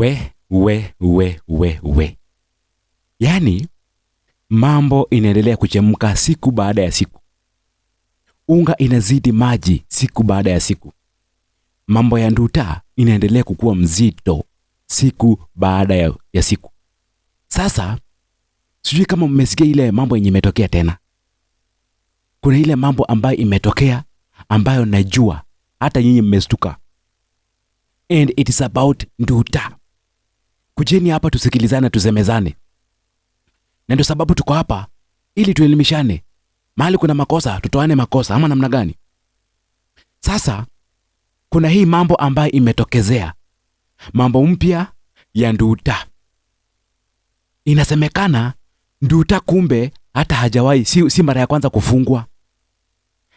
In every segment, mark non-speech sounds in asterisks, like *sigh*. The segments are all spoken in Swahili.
we we we we we, yaani mambo inaendelea kuchemka siku baada ya siku, unga inazidi maji siku baada ya siku, mambo ya Nduta inaendelea kukuwa mzito siku baada ya, ya siku. Sasa sijui kama mmesikia ile mambo yenye imetokea tena. Kuna ile mambo ambayo imetokea ambayo najua hata nyinyi mmestuka, and it is about Nduta. Kujeni hapa tusikilizane na tusemezane, na ndio sababu tuko hapa ili tuelimishane. Mahali kuna makosa tutoane makosa, ama namna gani? Sasa kuna hii mambo ambayo imetokezea, mambo mpya ya Nduta. Inasemekana Nduta kumbe hata hajawahi, si, si mara ya kwanza kufungwa.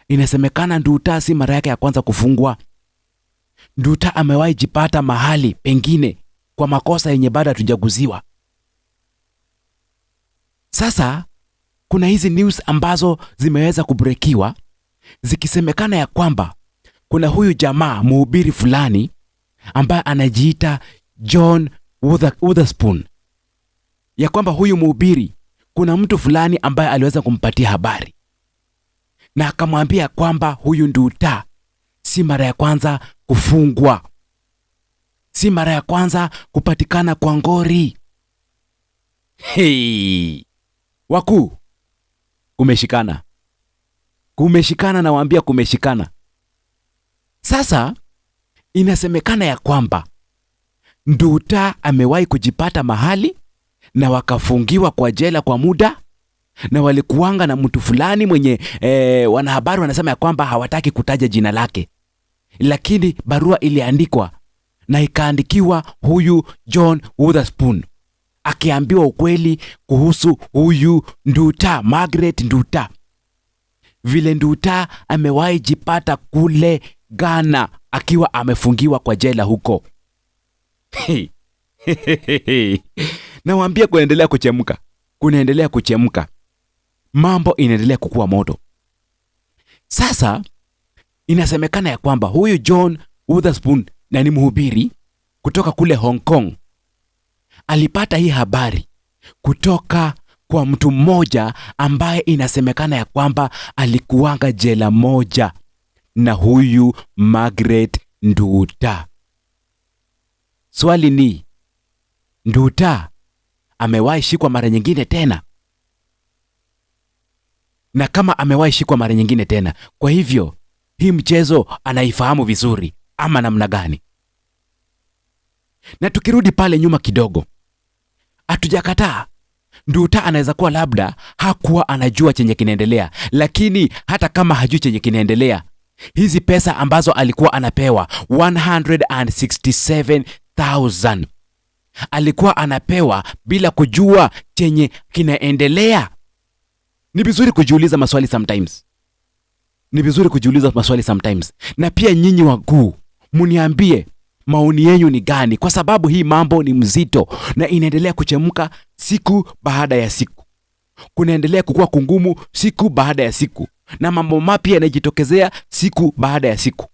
Inasemekana Nduta si mara yake ya kwanza kufungwa. Nduta amewahi jipata mahali pengine kwa makosa yenye bado hatujaguziwa. Sasa kuna hizi news ambazo zimeweza kubrekiwa zikisemekana ya kwamba kuna huyu jamaa mhubiri fulani ambaye anajiita John Witherspoon, ya kwamba huyu mhubiri kuna mtu fulani ambaye aliweza kumpatia habari na akamwambia kwamba huyu Nduta si mara ya kwanza kufungwa si mara ya kwanza kupatikana kwa ngori. Hey, wakuu, kumeshikana, kumeshikana, nawaambia kumeshikana. Sasa inasemekana ya kwamba Nduta amewahi kujipata mahali na wakafungiwa kwa jela kwa muda, na walikuanga na mtu fulani mwenye e, wanahabari wanasema ya kwamba hawataki kutaja jina lake, lakini barua iliandikwa na ikaandikiwa huyu John Witherspoon akiambiwa ukweli kuhusu huyu Nduta, Margaret Nduta, vile Nduta amewahi jipata kule Ghana akiwa amefungiwa kwa jela huko. nawambia *laughs* Nawaambia kunaendelea kuchemka, kunaendelea kuchemka, mambo inaendelea kukua moto. Sasa inasemekana ya kwamba huyu John Witherspoon na ni mhubiri kutoka kule Hong Kong, alipata hii habari kutoka kwa mtu mmoja ambaye inasemekana ya kwamba alikuwanga jela moja na huyu Margaret Nduta. Swali ni Nduta amewahi shikwa mara nyingine tena? Na kama amewahi shikwa mara nyingine tena, kwa hivyo hii mchezo anaifahamu vizuri ama namna gani? Na tukirudi pale nyuma kidogo, hatujakataa Nduta anaweza kuwa labda hakuwa anajua chenye kinaendelea, lakini hata kama hajui chenye kinaendelea, hizi pesa ambazo alikuwa anapewa 167,000 alikuwa anapewa bila kujua chenye kinaendelea. Ni vizuri kujiuliza maswali sometimes, ni vizuri kujiuliza maswali sometimes. Na pia nyinyi wakuu muniambie maoni yenyu ni gani, kwa sababu hii mambo ni mzito na inaendelea kuchemka siku baada ya siku, kunaendelea kukuwa kungumu siku baada ya siku, na mambo mapya yanajitokezea siku baada ya siku.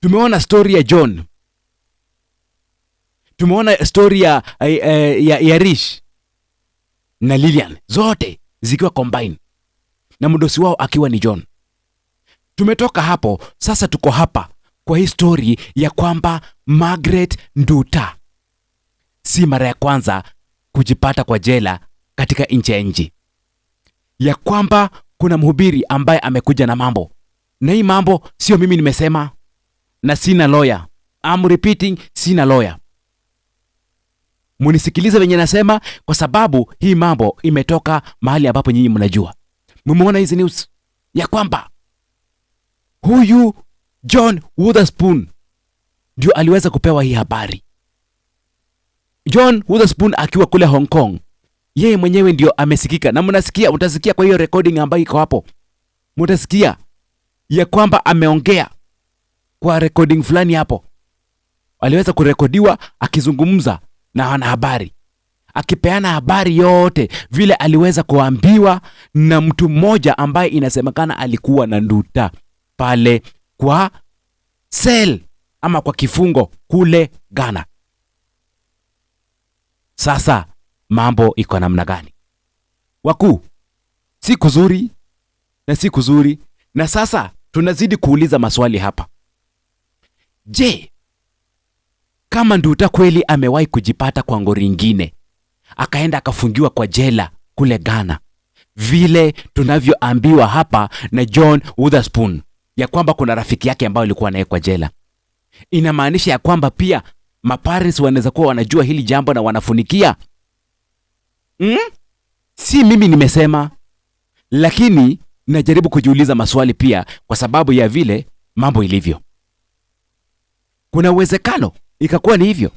Tumeona stori ya John, tumeona stori ya, ya, eh, eh, ya, ya Rish na Lilian, zote zikiwa combine na mdosi wao akiwa ni John. Tumetoka hapo, sasa tuko hapa kwa hii stori ya kwamba magret Nduta si mara ya kwanza kujipata kwa jela katika nchi ya nji ya kwamba kuna mhubiri ambaye amekuja na mambo, na hii mambo sio mimi nimesema, na sina lawyer. I'm repeating, sina lawyer. Munisikilize venye nasema, kwa sababu hii mambo imetoka mahali ambapo nyinyi mnajua. Mumeona hizi news ya kwamba huyu John Witherspoon ndio aliweza kupewa hii habari. John Witherspoon akiwa kule Hong Kong, yeye mwenyewe ndio amesikika, na mnasikia, utasikia kwa hiyo recording ambayo iko hapo, mtasikia ya kwamba ameongea kwa recording fulani hapo, aliweza kurekodiwa akizungumza na wanahabari akipeana habari yote vile aliweza kuambiwa na mtu mmoja ambaye inasemekana alikuwa na nduta pale kwa Sel ama kwa kifungo kule Ghana. Sasa mambo iko namna gani? Wakuu, si kuzuri na si kuzuri, na sasa tunazidi kuuliza maswali hapa. Je, kama Nduta kweli amewahi kujipata kwa ngori ingine akaenda akafungiwa kwa jela kule Ghana vile tunavyoambiwa hapa na John Witherspoon ya kwamba kuna rafiki yake ambayo alikuwa naye kwa jela. Inamaanisha ya kwamba pia maparents wanaweza kuwa wanajua hili jambo na wanafunikia mm? Si mimi nimesema, lakini najaribu kujiuliza maswali pia, kwa sababu ya vile mambo ilivyo. Kuna uwezekano ikakuwa ni hivyo,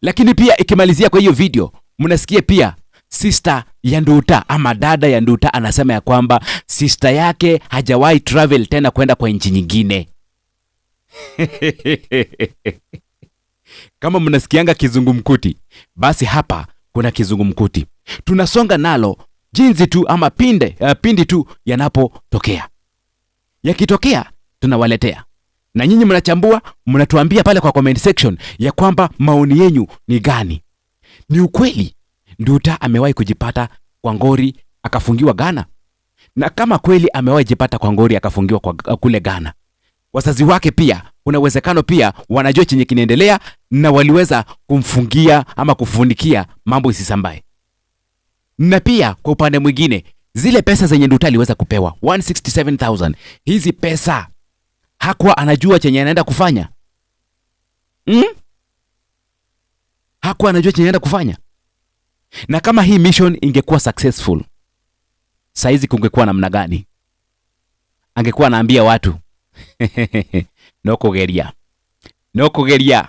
lakini pia ikimalizia kwa hiyo video mnasikia pia sister ya Nduta ama dada ya Nduta anasema ya kwamba sister yake hajawahi travel tena kwenda kwa nchi nyingine. *laughs* Kama mnasikianga kizungumkuti, basi hapa kuna kizungumkuti. Tunasonga nalo jinsi tu ama pinde, uh, pindi tu yanapotokea. Yakitokea tunawaletea na nyinyi mnachambua, mnatuambia pale kwa comment section ya kwamba maoni yenyu ni gani, ni ukweli Nduta amewahi kujipata kwa ngori akafungiwa Ghana, na kama kweli amewahi jipata kwa ngori akafungiwa kwa kule Ghana, wazazi wake pia kuna uwezekano pia wanajua chenye kinaendelea na waliweza kumfungia ama kufunikia mambo isisambae. Na pia kwa upande mwingine, zile pesa zenye Nduta aliweza kupewa 167000 hizi pesa hakuwa anajua chenye anaenda kufanya mm? hakuwa anajua chenye anaenda kufanya na kama hii mission ingekuwa successful, saizi kungekuwa namna gani? Angekuwa anaambia watu *laughs* no kugeria, no kugeria,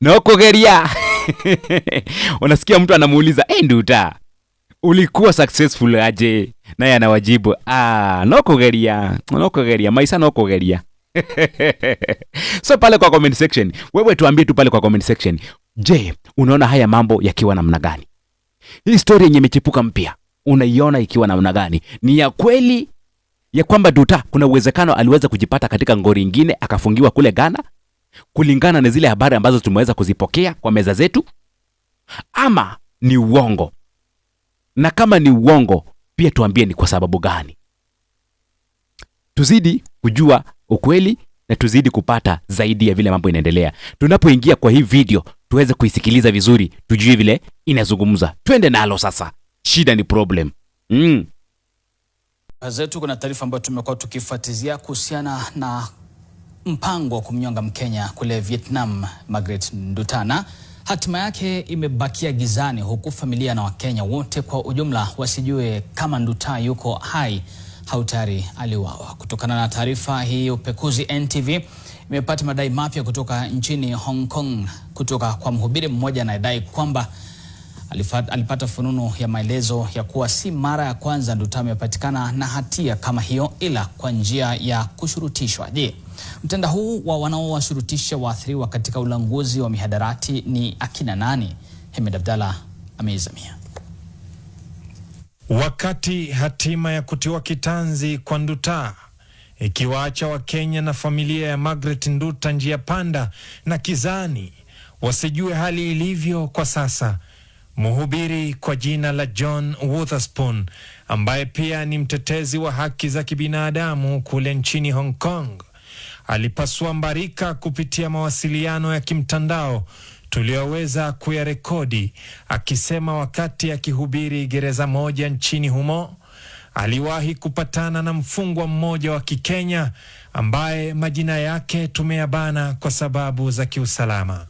no kugeria. *laughs* Unasikia mtu anamuuliza hey, Nduta ulikuwa successful aje? Naye anawajibu ah, no kugeria, no kugeria, maisha no kugeria. *laughs* So pale kwa comment section, wewe tuambie tu pale kwa comment section, je, unaona haya mambo yakiwa namna gani? Hii story yenye imechipuka mpya unaiona ikiwa namna gani? Ni ya kweli ya kwamba Duta kuna uwezekano aliweza kujipata katika ngori ingine akafungiwa kule Ghana kulingana na zile habari ambazo tumeweza kuzipokea kwa meza zetu, ama ni uongo? Na kama ni uongo, pia tuambie ni kwa sababu gani. Tuzidi kujua ukweli na tuzidi kupata zaidi ya vile mambo inaendelea. Tunapoingia kwa hii video, tuweze kuisikiliza vizuri, tujue vile inazungumza, twende nalo sasa. Shida ni problem mm. Zetu kuna taarifa ambayo tumekuwa tukifuatizia kuhusiana na mpango wa kumnyonga Mkenya kule Vietnam Margaret Ndutana. Hatima yake imebakia gizani, huku familia na Wakenya wote kwa ujumla wasijue kama Nduta yuko hai. Hautari aliuawa. Kutokana na taarifa hii, upekuzi NTV imepata madai mapya kutoka nchini Hong Kong kutoka kwa mhubiri mmoja anayedai kwamba alipata fununu ya maelezo ya kuwa si mara ya kwanza nduta amepatikana na hatia kama hiyo, ila kwa njia ya kushurutishwa. Je, mtenda huu wa wanaowashurutisha waathiriwa katika ulanguzi wa mihadarati ni akina nani? Hemed Abdalla ameizamia. Wakati hatima ya kutiwa kitanzi kwa Nduta ikiwaacha Wakenya na familia ya Margaret Nduta njia panda na kizani, wasijue hali ilivyo kwa sasa, mhubiri kwa jina la John Witherspoon ambaye pia ni mtetezi wa haki za kibinadamu kule nchini Hong Kong alipasua mbarika kupitia mawasiliano ya kimtandao tulioweza kuyarekodi, akisema wakati akihubiri gereza moja nchini humo aliwahi kupatana na mfungwa mmoja wa Kikenya ambaye majina yake tumeyabana kwa sababu za kiusalama.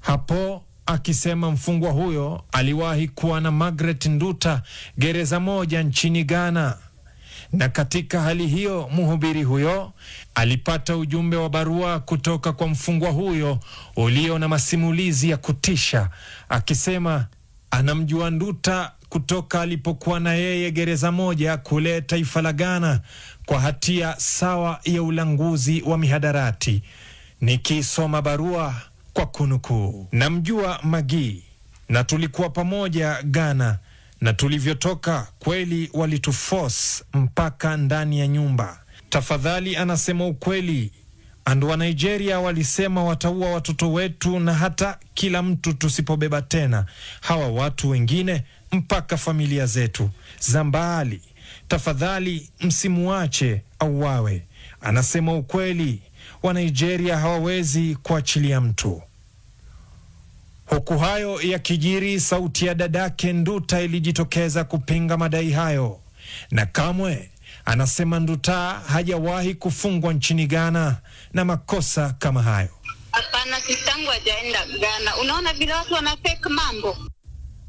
Hapo akisema mfungwa huyo aliwahi kuwa na Margaret Nduta gereza moja nchini Ghana, na katika hali hiyo mhubiri huyo alipata ujumbe wa barua kutoka kwa mfungwa huyo ulio na masimulizi ya kutisha, akisema anamjua Nduta kutoka alipokuwa na yeye gereza moja kule taifa la Ghana kwa hatia sawa ya ulanguzi wa mihadarati. Nikisoma barua kwa kunukuu, namjua Magi na tulikuwa pamoja Ghana na tulivyotoka kweli walitufos mpaka ndani ya nyumba. Tafadhali anasema ukweli. and wa Nigeria walisema wataua watoto wetu na hata kila mtu tusipobeba tena hawa watu wengine mpaka familia zetu za mbali. Tafadhali msimuache auawe, anasema ukweli wa Nigeria hawawezi kuachilia mtu. Huku hayo yakijiri, sauti ya dadake Nduta ilijitokeza kupinga madai hayo, na kamwe anasema Nduta hajawahi kufungwa nchini Ghana na makosa kama hayo. Hapana, sistangu hajaenda Ghana. Unaona vile watu fake mambo.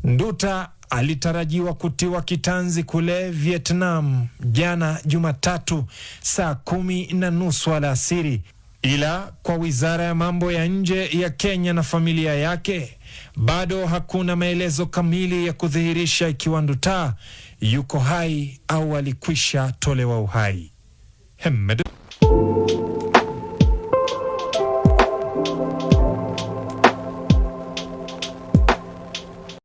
Nduta alitarajiwa kutiwa kitanzi kule Vietnam jana Jumatatu saa kumi na nusu alasiri ila kwa wizara ya mambo ya nje ya Kenya na familia yake bado hakuna maelezo kamili ya kudhihirisha ikiwa Nduta yuko hai au alikwisha tolewa uhai. Hemed